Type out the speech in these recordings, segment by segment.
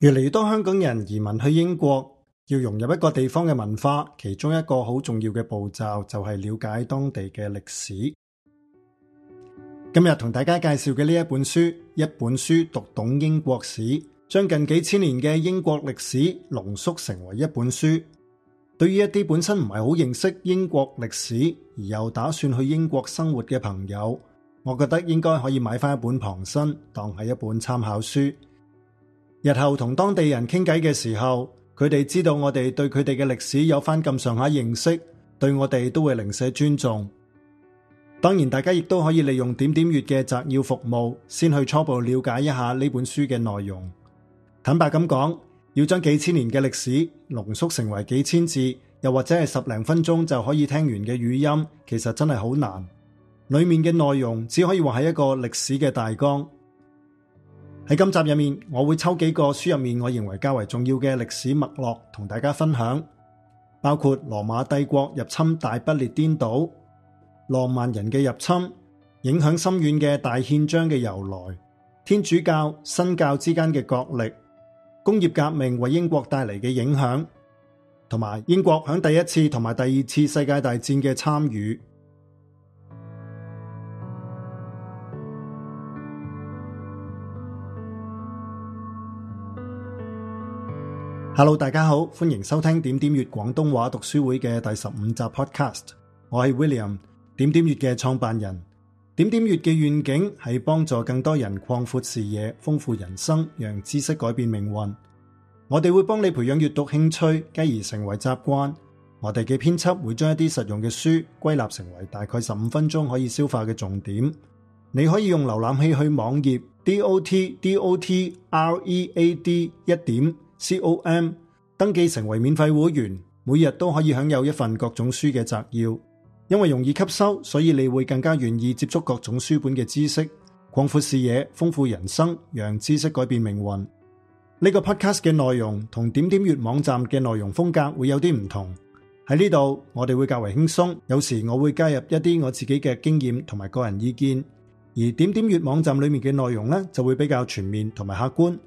越嚟越多香港人移民去英國，要融入一個地方嘅文化，其中一個好重要嘅步驟就係了解當地嘅歷史。今日同大家介紹嘅呢一本書，一本書讀懂英國史，將近幾千年嘅英國歷史濃縮成為一本書。對於一啲本身唔係好認識英國歷史而又打算去英國生活嘅朋友，我覺得應該可以買翻一本傍身當係一本參考書。日後同當地人傾偈嘅時候，佢哋知道我哋對佢哋嘅歷史有翻咁上下認識，對我哋都會零舍尊重。當然，大家亦都可以利用點點閱嘅摘要服務，先去初步了解一下呢本書嘅內容。坦白咁講，要將幾千年嘅歷史濃縮成為幾千字，又或者係十零分鐘就可以聽完嘅語音，其實真係好難。裏面嘅內容只可以話係一個歷史嘅大綱。喺今集入面，我會抽幾個書入面我認為較為重要嘅歷史脈絡同大家分享，包括羅馬帝國入侵大不列顛島、諾曼人嘅入侵、影響深遠嘅大憲章嘅由來、天主教新教之間嘅角力、工業革命為英國帶嚟嘅影響，同埋英國響第一次同埋第二次世界大戰嘅參與。hello，大家好，歡迎收聽點點粵廣東話讀書會嘅第十五集 podcast。我係 William，點點粵嘅創辦人。點點粵嘅願景係幫助更多人擴闊視野、豐富人生，讓知識改變命運。我哋會幫你培養閱讀興趣，繼而成為習慣。我哋嘅編輯會將一啲實用嘅書歸納成為大概十五分鐘可以消化嘅重點。你可以用瀏覽器去網頁 dot dot read 一點，D O T, com 登記成為免費會員，每日都可以享有一份各種書嘅摘要。因為容易吸收，所以你會更加願意接觸各種書本嘅知識，擴闊視野，豐富人生，讓知識改變命運。呢個 podcast 嘅內容同點點閱網站嘅內容風格會有啲唔同。喺呢度，我哋會較為輕鬆，有時我會加入一啲我自己嘅經驗同埋個人意見，而點點閱網站裡面嘅內容呢，就會比較全面同埋客觀。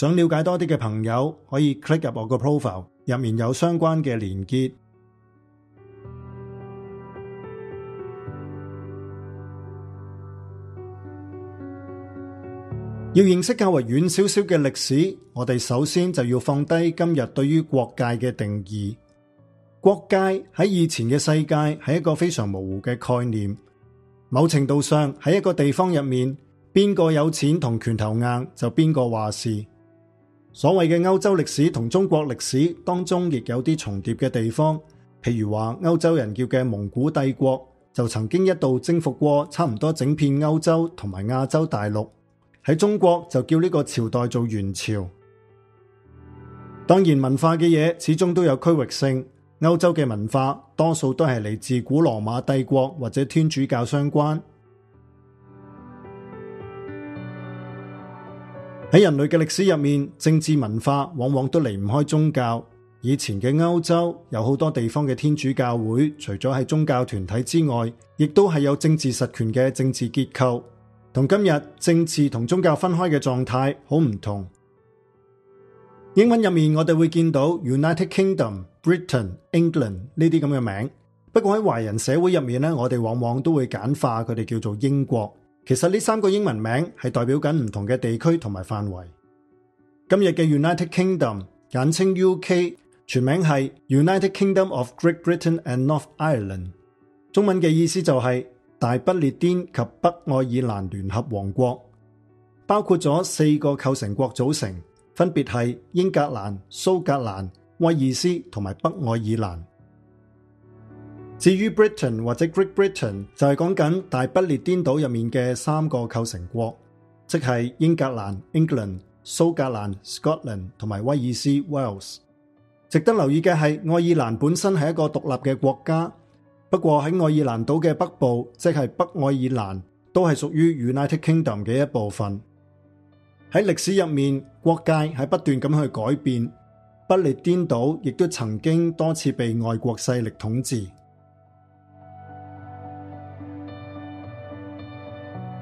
想了解多啲嘅朋友，可以 click 入我個 profile，入面有相關嘅連結。要認識較為遠少少嘅歷史，我哋首先就要放低今日對於國界嘅定義。國界喺以前嘅世界係一個非常模糊嘅概念。某程度上喺一個地方入面，邊個有錢同拳頭硬就邊個話事。所謂嘅歐洲歷史同中國歷史當中亦有啲重疊嘅地方，譬如話歐洲人叫嘅蒙古帝國就曾經一度征服過差唔多整片歐洲同埋亞洲大陸，喺中國就叫呢個朝代做元朝。當然文化嘅嘢始終都有區域性，歐洲嘅文化多數都係嚟自古羅馬帝國或者天主教相關。喺人類嘅歷史入面，政治文化往往都離唔開宗教。以前嘅歐洲有好多地方嘅天主教會，除咗係宗教團體之外，亦都係有政治實權嘅政治結構，同今日政治同宗教分開嘅狀態好唔同。英文入面我哋會見到 United Kingdom、Britain、England 呢啲咁嘅名，不過喺華人社會入面咧，我哋往往都會簡化佢哋叫做英國。其實呢三個英文名係代表緊唔同嘅地區同埋範圍。今日嘅 United Kingdom 簡稱 UK，全名係 United Kingdom of Great Britain and North Ireland。中文嘅意思就係大不列顛及北愛爾蘭聯合王國，包括咗四個構成國組成，分別係英格蘭、蘇格蘭、威爾斯同埋北愛爾蘭。至於 Britain 或者 Great Britain 就係講緊大不列顛島入面嘅三個構成國，即係英格蘭 England、蘇格蘭 Scotland 同埋威爾斯 Wales。值得留意嘅係，愛爾蘭本身係一個獨立嘅國家，不過喺愛爾蘭島嘅北部，即係北愛爾蘭，都係屬於 United Kingdom 嘅一部分。喺歷史入面，國界係不斷咁去改變，不列顛島亦都曾經多次被外國勢力統治。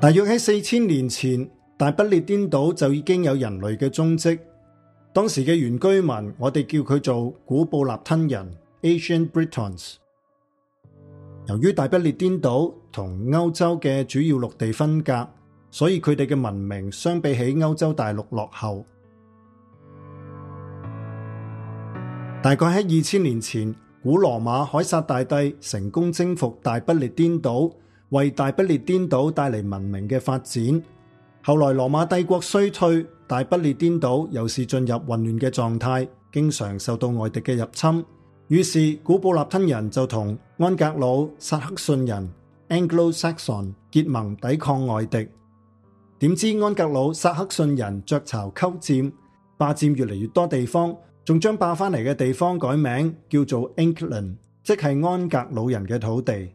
大約喺四千年前，大不列顛島就已經有人類嘅蹤迹。當時嘅原居民，我哋叫佢做古布立吞人 a s i a n Britons）。由於大不列顛島同歐洲嘅主要陸地分隔，所以佢哋嘅文明相比起歐洲大陸落後。大概喺二千年前，古羅馬凱撒大帝成功征服大不列顛島。為大不列顛島帶嚟文明嘅發展，後來羅馬帝國衰退，大不列顛島又是進入混亂嘅狀態，經常受到外敵嘅入侵。於是古布立吞人就同安格魯撒克遜人 （Anglo-Saxon） 結盟抵抗外敵。點知安格魯撒克遜人鵲巢鳩占，霸占越嚟越多地方，仲將霸翻嚟嘅地方改名叫做 England，即係安格魯人嘅土地。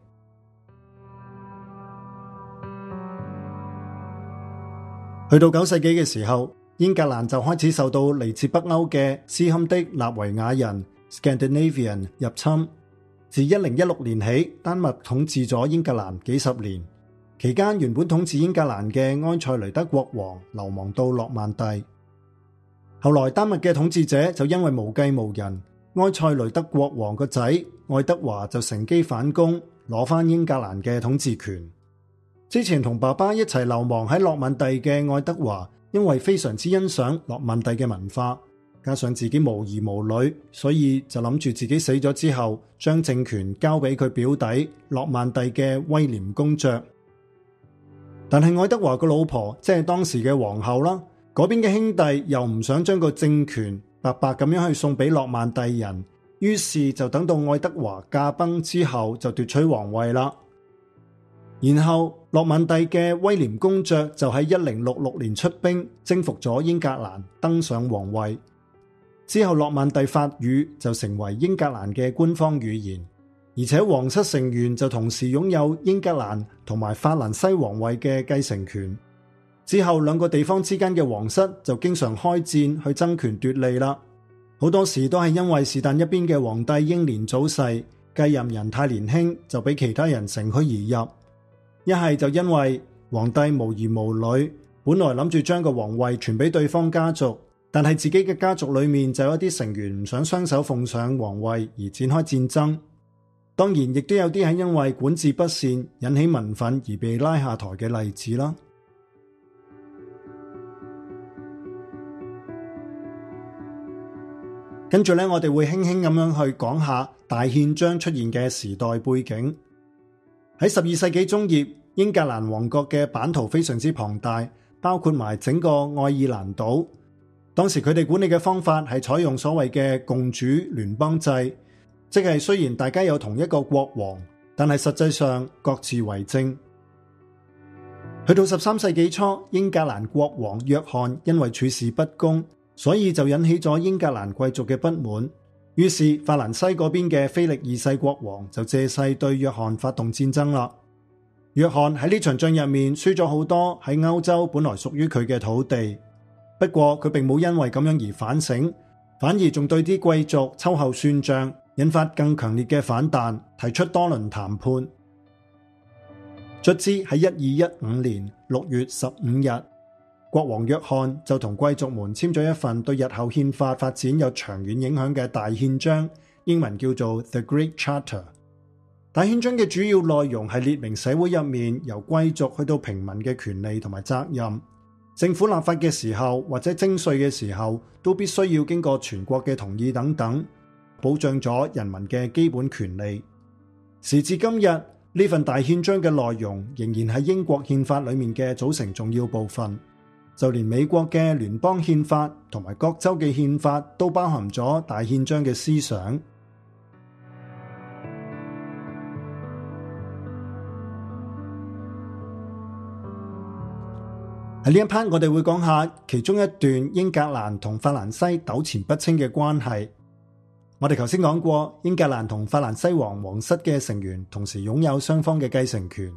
去到九世紀嘅時候，英格蘭就開始受到嚟自北歐嘅斯堪的納維亞人 （Scandinavian） 入侵。自一零一六年起，丹麥統治咗英格蘭幾十年。期間，原本統治英格蘭嘅埃塞雷德國王流亡到諾曼第。後來，丹麥嘅統治者就因為無計無人，埃塞雷德國王個仔愛德華就乘機反攻，攞翻英格蘭嘅統治權。之前同爸爸一齊流亡喺諾曼第嘅愛德華，因為非常之欣賞諾曼第嘅文化，加上自己無兒無女，所以就諗住自己死咗之後，將政權交俾佢表弟諾曼第嘅威廉公爵。但係愛德華個老婆即係當時嘅皇后啦，嗰邊嘅兄弟又唔想將個政權白白咁樣去送俾諾曼第人，於是就等到愛德華駕崩之後就奪取皇位啦，然後。諾曼第嘅威廉公爵就喺一零六六年出兵征服咗英格蘭，登上皇位。之後，諾曼第法語就成為英格蘭嘅官方語言，而且皇室成員就同時擁有英格蘭同埋法蘭西皇位嘅繼承權。之後，兩個地方之間嘅皇室就經常開戰去爭權奪利啦。好多時都係因為是但一邊嘅皇帝英年早逝，繼任人太年輕，就俾其他人乘虛而入。一係就因為皇帝無兒無女，本來諗住將個皇位傳俾對方家族，但係自己嘅家族裏面就有一啲成員唔想雙手奉上皇位而展開戰爭。當然，亦都有啲係因為管治不善引起民憤而被拉下台嘅例子啦。跟住咧，我哋會輕輕咁樣去講下大憲章出現嘅時代背景。喺十二世紀中葉，英格蘭王國嘅版圖非常之龐大，包括埋整個愛爾蘭島。當時佢哋管理嘅方法係採用所謂嘅共主聯邦制，即係雖然大家有同一個國王，但係實際上各自為政。去到十三世紀初，英格蘭國王約翰因為處事不公，所以就引起咗英格蘭貴族嘅不滿。於是法蘭西嗰邊嘅菲力二世國王就借勢對約翰發動戰爭啦。約翰喺呢場仗入面輸咗好多喺歐洲本來屬於佢嘅土地，不過佢並冇因為咁樣而反省，反而仲對啲貴族秋後算賬，引發更強烈嘅反彈，提出多輪談判。卒之喺一二一五年六月十五日。國王約翰就同貴族們簽咗一份對日後憲法發展有長遠影響嘅大憲章，英文叫做 The Great Charter。大憲章嘅主要內容係列明社會入面由貴族去到平民嘅權利同埋責任，政府立法嘅時候或者徵稅嘅時候都必須要經過全國嘅同意等等，保障咗人民嘅基本權利。時至今日，呢份大憲章嘅內容仍然係英國憲法裏面嘅組成重要部分。就連美國嘅聯邦憲法同埋各州嘅憲法都包含咗大憲章嘅思想。喺呢 一 part，我哋會講下其中一段英格蘭同法蘭西糾纏不清嘅關係。我哋頭先講過，英格蘭同法蘭西王皇室嘅成員同時擁有雙方嘅繼承權。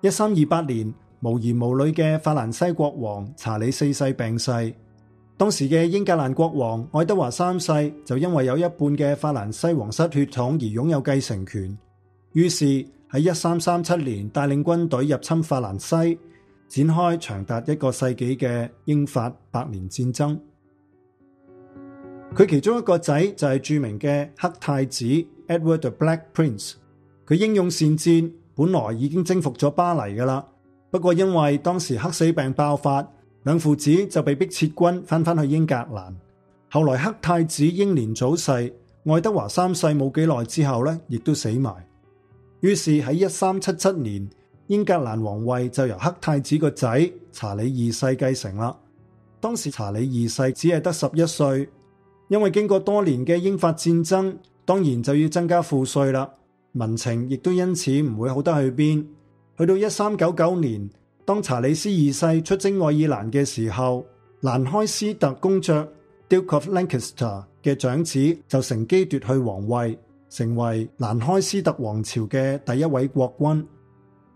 一三二八年，無兒無女嘅法蘭西國王查理四世病逝，當時嘅英格蘭國王愛德華三世就因為有一半嘅法蘭西皇室血統而擁有繼承權，於是喺一三三七年帶領軍隊入侵法蘭西，展開長達一個世紀嘅英法百年戰爭。佢其中一個仔就係著名嘅黑太子 Edward the Black Prince。佢英勇善戰，本來已經征服咗巴黎㗎喇。不過因為當時黑死病爆發，兩父子就被逼撤軍，翻返去英格蘭。後來黑太子英年早逝，愛德華三世冇幾耐之後咧，亦都死埋。於是喺一三七七年，英格蘭皇位就由黑太子個仔查理二世繼承啦。當時查理二世只係得十一歲，因為經過多年嘅英法戰爭，當然就要增加賦稅啦，民情亦都因此唔會好得去邊。去到一三九九年，當查理斯二世出征愛爾蘭嘅時候，蘭開斯特公爵 Duke of Lancaster 嘅長子就乘機奪去皇位，成為蘭開斯特王朝嘅第一位國君。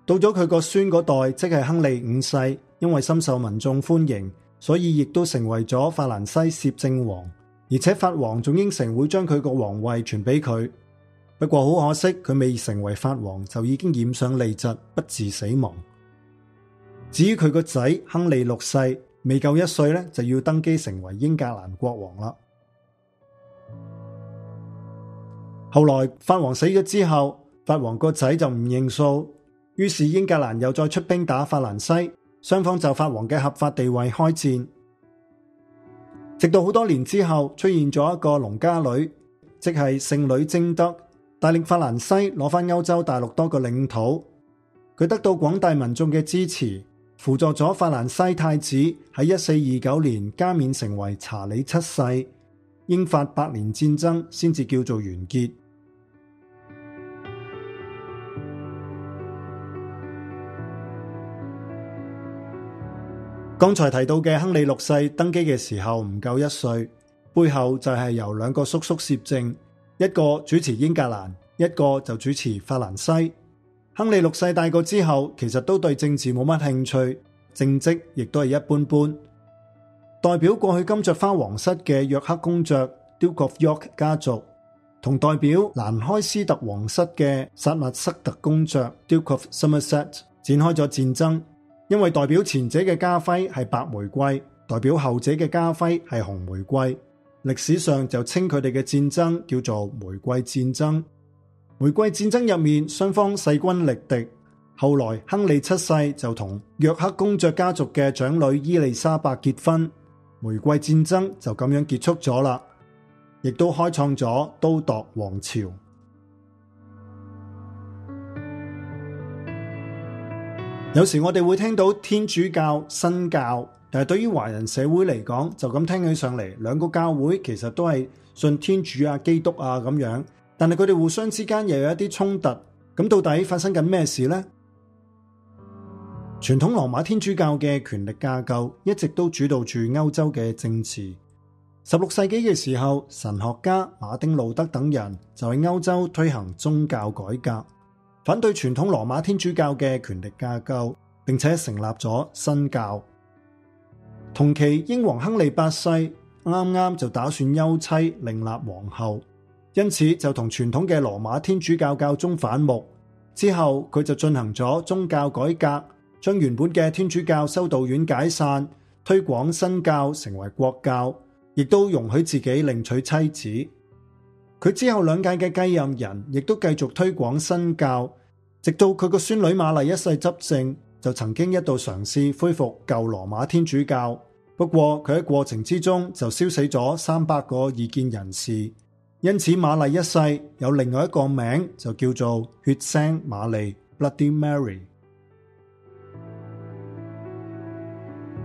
到咗佢個孫嗰代，即係亨利五世，因為深受民眾歡迎，所以亦都成為咗法蘭西攝政王，而且法王仲應承會將佢個皇位傳俾佢。不過好可惜，佢未成為法王就已經染上痢疾，不治死亡。至於佢個仔亨利六世，未夠一歲咧，就要登基成為英格蘭國王啦。後來法王死咗之後，法王個仔就唔認數，於是英格蘭又再出兵打法蘭西，雙方就法王嘅合法地位開戰。直到好多年之後，出現咗一個農家女，即係聖女貞德。帶領法蘭西攞翻歐洲大陸多個領土，佢得到廣大民眾嘅支持，輔助咗法蘭西太子喺一四二九年加冕成為查理七世。英法百年戰爭先至叫做完結。剛才提到嘅亨利六世登基嘅時候唔夠一歲，背後就係由兩個叔叔攝政。一個主持英格蘭，一個就主持法蘭西。亨利六世大個之後，其實都對政治冇乜興趣，政績亦都係一般般。代表過去金雀花皇室嘅約克公爵 Duke of York 家族，同代表蘭開斯特皇室嘅薩默塞特公爵 Duke of Somerset 展開咗戰爭，因為代表前者嘅家徽係白玫瑰，代表後者嘅家徽係紅玫瑰。歷史上就稱佢哋嘅戰爭叫做玫瑰戰爭。玫瑰戰爭入面，雙方勢均力敵。後來亨利七世就同約克公爵家族嘅長女伊麗莎白結婚，玫瑰戰爭就咁樣結束咗啦，亦都開創咗都鐸王朝。 有時我哋會聽到天主教、新教。誒，但對於華人社會嚟講，就咁聽起上嚟，兩個教會其實都係信天主啊、基督啊咁樣，但係佢哋互相之間又有一啲衝突，咁到底發生緊咩事呢？傳 統羅馬天主教嘅權力架構一直都主導住歐洲嘅政治。十六世紀嘅時候，神學家馬丁路德等人就喺歐洲推行宗教改革，反對傳統羅馬天主教嘅權力架構，並且成立咗新教。同期英皇亨利八世啱啱就打算休妻另立皇后，因此就同傳統嘅羅馬天主教教宗反目。之後佢就進行咗宗教改革，將原本嘅天主教修道院解散，推廣新教成為國教，亦都容許自己另娶妻子。佢之後兩屆嘅繼任人亦都繼續推廣新教，直到佢個孫女瑪麗一世執政。就曾經一度嘗試恢復舊羅馬天主教，不過佢喺過程之中就燒死咗三百個異見人士，因此瑪麗一世有另外一個名就叫做血腥瑪麗 （Bloody Mary）。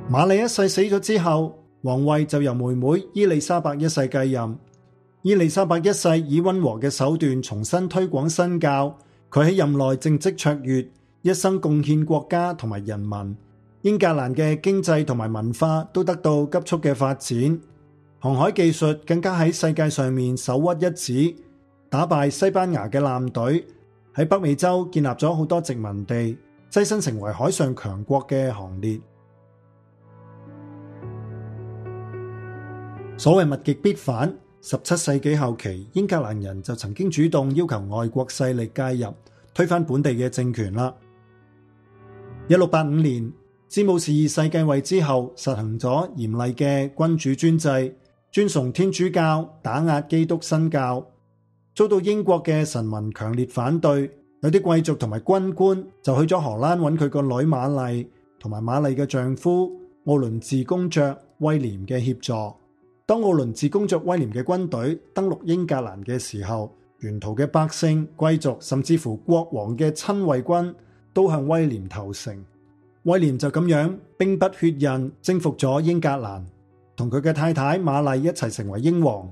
瑪麗一世死咗之後，王位就由妹妹伊麗莎白一世繼任。伊麗莎白一世以溫和嘅手段重新推廣新教，佢喺任內政績卓越。一生貢獻國家同埋人民，英格蘭嘅經濟同埋文化都得到急速嘅發展，航海技術更加喺世界上面首屈一指，打敗西班牙嘅艦隊，喺北美洲建立咗好多殖民地，躋身成為海上強國嘅行列。所謂物極必反，十七世紀後期，英格蘭人就曾經主動要求外國勢力介入，推翻本地嘅政權啦。一六八五年，詹姆斯二世繼位之後，實行咗嚴厲嘅君主專制，尊崇天主教，打壓基督新教，遭到英國嘅臣民強烈反對。有啲貴族同埋軍官就去咗荷蘭揾佢個女瑪麗同埋瑪麗嘅丈夫奧倫治公爵威廉嘅協助。當奧倫治公爵威廉嘅軍隊登陸英格蘭嘅時候，沿途嘅百姓、貴族甚至乎國王嘅親衛軍。都向威廉投誠，威廉就咁樣，兵不血刃征服咗英格蘭，同佢嘅太太瑪麗一齊成為英王。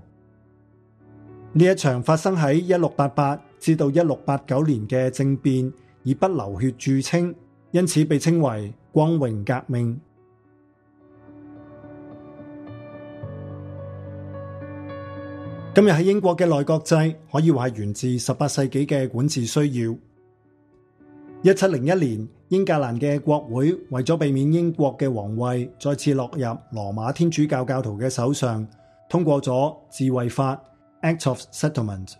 呢一場發生喺一六八八至到一六八九年嘅政變，以「不流血」著稱，因此被稱為光榮革命。今日喺英國嘅內閣制，可以話係源自十八世紀嘅管治需要。一七零一年，英格蘭嘅國會為咗避免英國嘅皇位再次落入羅馬天主教教徒嘅手上，通過咗《自衛法》（Act of Settlement），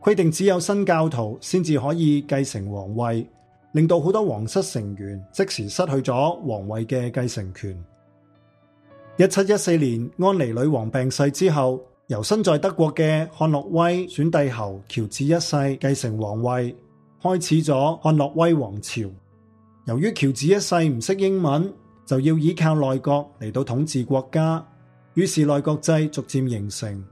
規定只有新教徒先至可以繼承皇位，令到好多皇室成員即時失去咗皇位嘅繼承權。一七一四年，安妮女王病逝之後，由身在德國嘅漢諾威選帝侯喬治一世繼承皇位。開始咗漢諾威王朝，由於喬治一世唔識英文，就要依靠內閣嚟到統治國家，於是內閣制逐漸形成。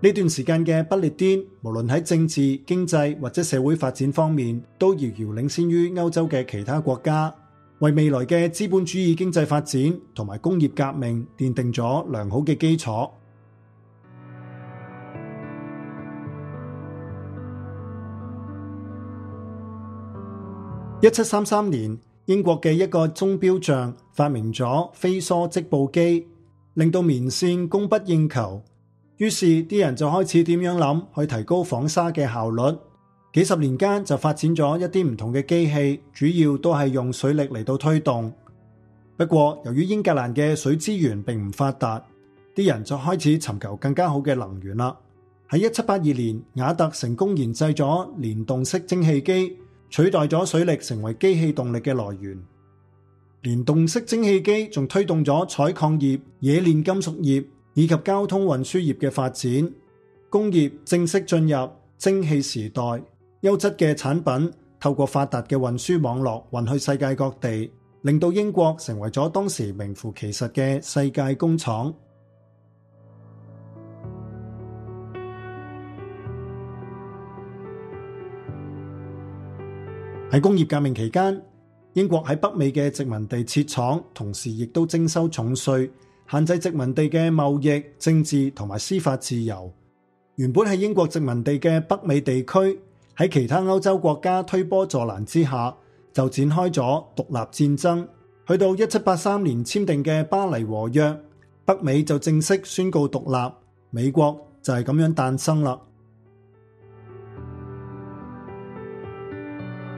呢段時間嘅不列顛，無論喺政治、經濟或者社會發展方面，都遙遙領先於歐洲嘅其他國家，為未來嘅資本主義經濟發展同埋工業革命奠定咗良好嘅基礎。一七三三年，英國嘅一個鐘錶匠發明咗飛梭織布機，令到棉線供不應求。於是啲人就開始點樣諗去提高紡紗嘅效率。幾十年間就發展咗一啲唔同嘅機器，主要都係用水力嚟到推動。不過由於英格蘭嘅水資源并唔發達，啲人就開始尋求更加好嘅能源啦。喺一七八二年，瓦特成功研製咗聯動式蒸汽機。取代咗水力成為機器動力嘅來源，連動式蒸汽機仲推動咗採礦業、冶煉金屬業以及交通運輸業嘅發展，工業正式進入蒸汽時代。優質嘅產品透過發達嘅運輸網絡運去世界各地，令到英國成為咗當時名副其實嘅世界工廠。喺工業革命期間，英國喺北美嘅殖民地設廠，同時亦都徵收重稅，限制殖民地嘅貿易、政治同埋司法自由。原本係英國殖民地嘅北美地區，喺其他歐洲國家推波助瀾之下，就展開咗獨立戰爭。去到一七八三年簽訂嘅巴黎和約，北美就正式宣告獨立，美國就係咁樣誕生啦。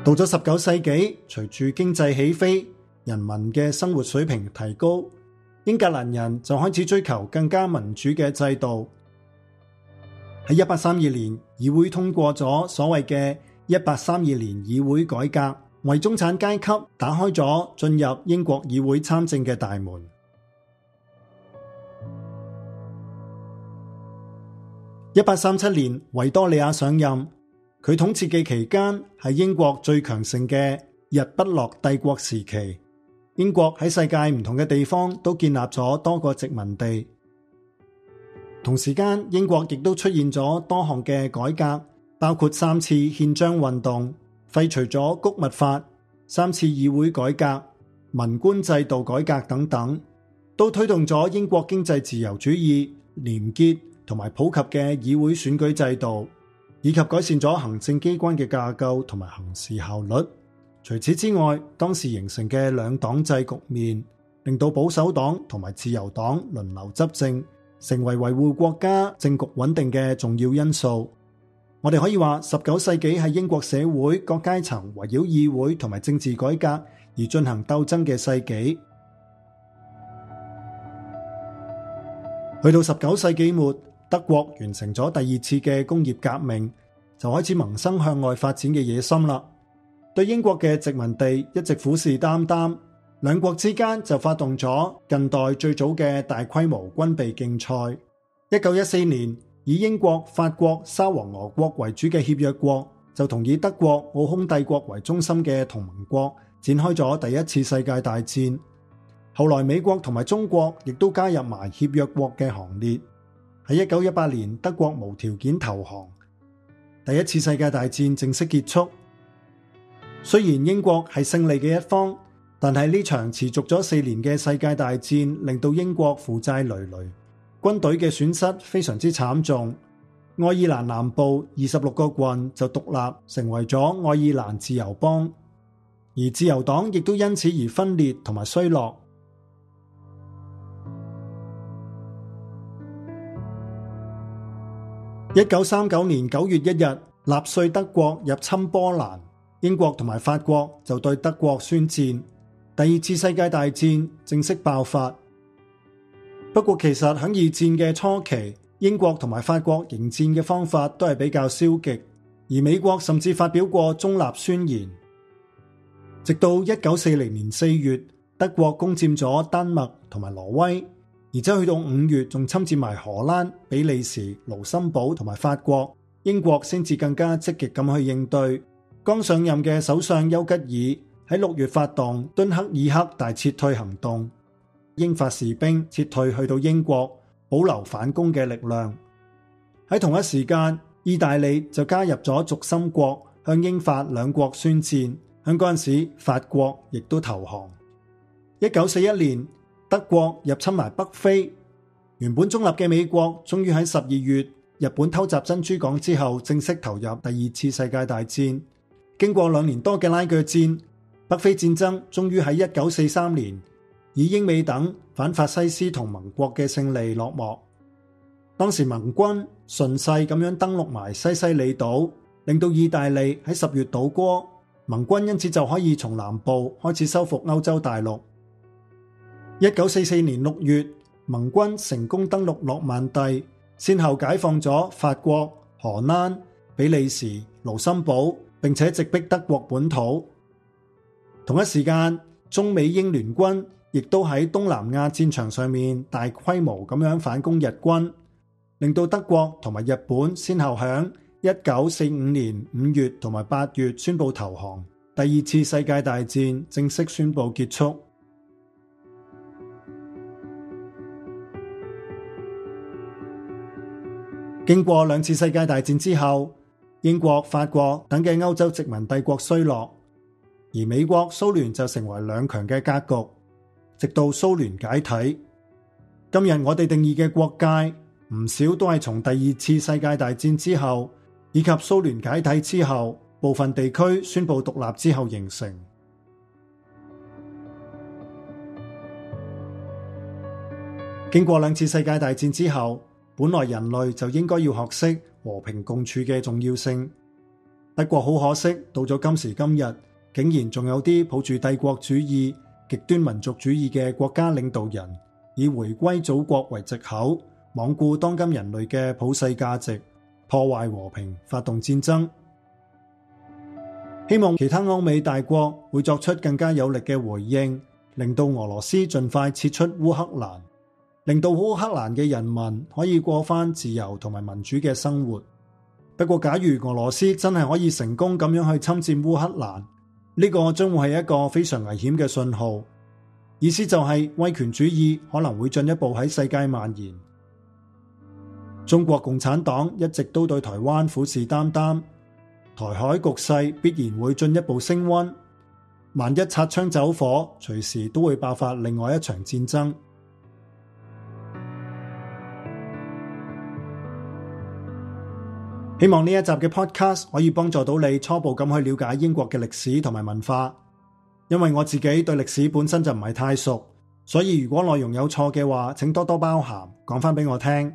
到咗十九世紀，隨住經濟起飛，人民嘅生活水平提高，英格蘭人就開始追求更加民主嘅制度。喺一八三二年，議會通過咗所謂嘅一八三二年議會改革，為中產階級打開咗進入英國議會參政嘅大門。一八三七年，維多利亞上任。佢統治嘅期間係英國最強盛嘅日不落帝國時期。英國喺世界唔同嘅地方都建立咗多個殖民地。同時間，英國亦都出現咗多項嘅改革，包括三次憲章運動、廢除咗谷物法、三次議會改革、文官制度改革等等，都推動咗英國經濟自由主義、廉潔同埋普及嘅議會選舉制度。以及改善咗行政機關嘅架構同埋行事效率。除此之外，當時形成嘅兩黨制局面，令到保守黨同埋自由黨輪流執政，成為維護國家政局穩定嘅重要因素。我哋可以話，十九世紀係英國社會各階層圍繞議會同埋政治改革而進行鬥爭嘅世紀。去到十九世紀末。德國完成咗第二次嘅工業革命，就開始萌生向外發展嘅野心啦。對英國嘅殖民地一直虎視眈眈，兩國之間就發動咗近代最早嘅大規模軍備競賽。一九一四年，以英國、法國、沙皇俄國為主嘅協約國，就同以德國、奧匈帝國為中心嘅同盟國展開咗第一次世界大戰。後來美國同埋中國亦都加入埋協約國嘅行列。喺一九一八年，德國無條件投降，第一次世界大戰正式結束。雖然英國係勝利嘅一方，但係呢場持續咗四年嘅世界大戰令到英國負債累累，軍隊嘅損失非常之慘重。愛爾蘭南部二十六個郡就獨立，成為咗愛爾蘭自由邦，而自由黨亦都因此而分裂同埋衰落。一九三九年九月一日，納粹德國入侵波蘭，英國同埋法國就對德國宣戰，第二次世界大戰正式爆發。不過，其實喺二戰嘅初期，英國同埋法國迎戰嘅方法都係比較消極，而美國甚至發表過中立宣言。直到一九四零年四月，德國攻佔咗丹麥同埋挪威。而且去到五月，仲侵佔埋荷蘭、比利時、盧森堡同埋法國，英國先至更加積極咁去應對。剛上任嘅首相丘吉爾喺六月發動敦刻爾克大撤退行動，英法士兵撤退去到英國，保留反攻嘅力量。喺同一時間，意大利就加入咗軸心國，向英法兩國宣戰。響嗰陣時，法國亦都投降。一九四一年。德國入侵埋北非，原本中立嘅美國終於喺十二月，日本偷襲珍珠港之後，正式投入第二次世界大戰。經過兩年多嘅拉鋸戰，北非戰爭終於喺一九四三年，以英美等反法西斯同盟國嘅勝利落幕。當時盟軍順勢咁樣登陸埋西西里島，令到意大利喺十月倒戈，盟軍因此就可以從南部開始收復歐洲大陸。一九四四年六月，盟軍成功登陸諾曼第，先後解放咗法國、荷蘭、比利時、盧森堡，並且直逼德國本土。同一時間，中美英聯軍亦都喺東南亞戰場上面大規模咁樣反攻日軍，令到德國同埋日本先後響一九四五年五月同埋八月宣布投降，第二次世界大戰正式宣布結束。經過兩次世界大戰之後，英國、法國等嘅歐洲殖民帝國衰落，而美國、蘇聯就成為兩強嘅格局。直到蘇聯解體，今日我哋定義嘅國界，唔少都係從第二次世界大戰之後，以及蘇聯解體之後，部分地區宣布獨立之後形成。經過兩次世界大戰之後。本來人類就應該要學識和平共處嘅重要性。德國好可惜，到咗今時今日，竟然仲有啲抱住帝國主義、極端民族主義嘅國家領導人，以回歸祖國為藉口，罔顧當今人類嘅普世價值，破壞和平，發動戰爭。希望其他歐美大國會作出更加有力嘅回應，令到俄羅斯盡快撤出烏克蘭。令到烏克蘭嘅人民可以過翻自由同埋民主嘅生活。不過，假如俄羅斯真係可以成功咁樣去侵佔烏克蘭，呢個將會係一個非常危險嘅信號，意思就係威權主義可能會進一步喺世界蔓延。中國共產黨一直都對台灣虎視眈眈，台海局勢必然會進一步升溫。萬一擦槍走火，隨時都會爆發另外一場戰爭。希望呢一集嘅 podcast 可以幫助到你初步咁去了解英國嘅歷史同埋文化。因為我自己對歷史本身就唔係太熟，所以如果內容有錯嘅話，請多多包涵，講翻俾我聽。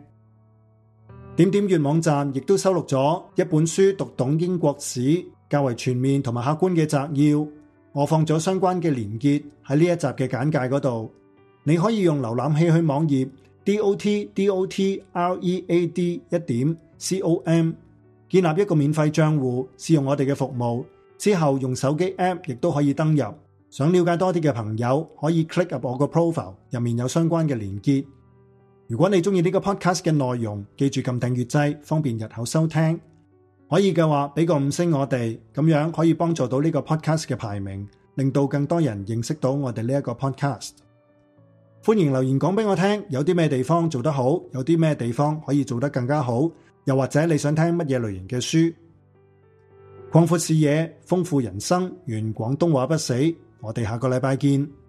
點點閱網站亦都收錄咗《一本書讀懂英國史》，較為全面同埋客觀嘅摘要。我放咗相關嘅連結喺呢一集嘅簡介嗰度，你可以用瀏覽器去網頁 dot dot read 一點 com。建立一個免費賬戶試用我哋嘅服務之後，用手機 app 亦都可以登入。想了解多啲嘅朋友可以 click 入我個 profile，入面有相關嘅連結。如果你中意呢個 podcast 嘅內容，記住撳訂閱掣，方便日後收聽。可以嘅話，俾個五星我哋，咁樣可以幫助到呢個 podcast 嘅排名，令到更多人認識到我哋呢一個 podcast。歡迎留言講俾我聽，有啲咩地方做得好，有啲咩地方可以做得更加好。又或者你想聽乜嘢類型嘅書？擴闊視野，豐富人生，願廣東話不死。我哋下個禮拜見。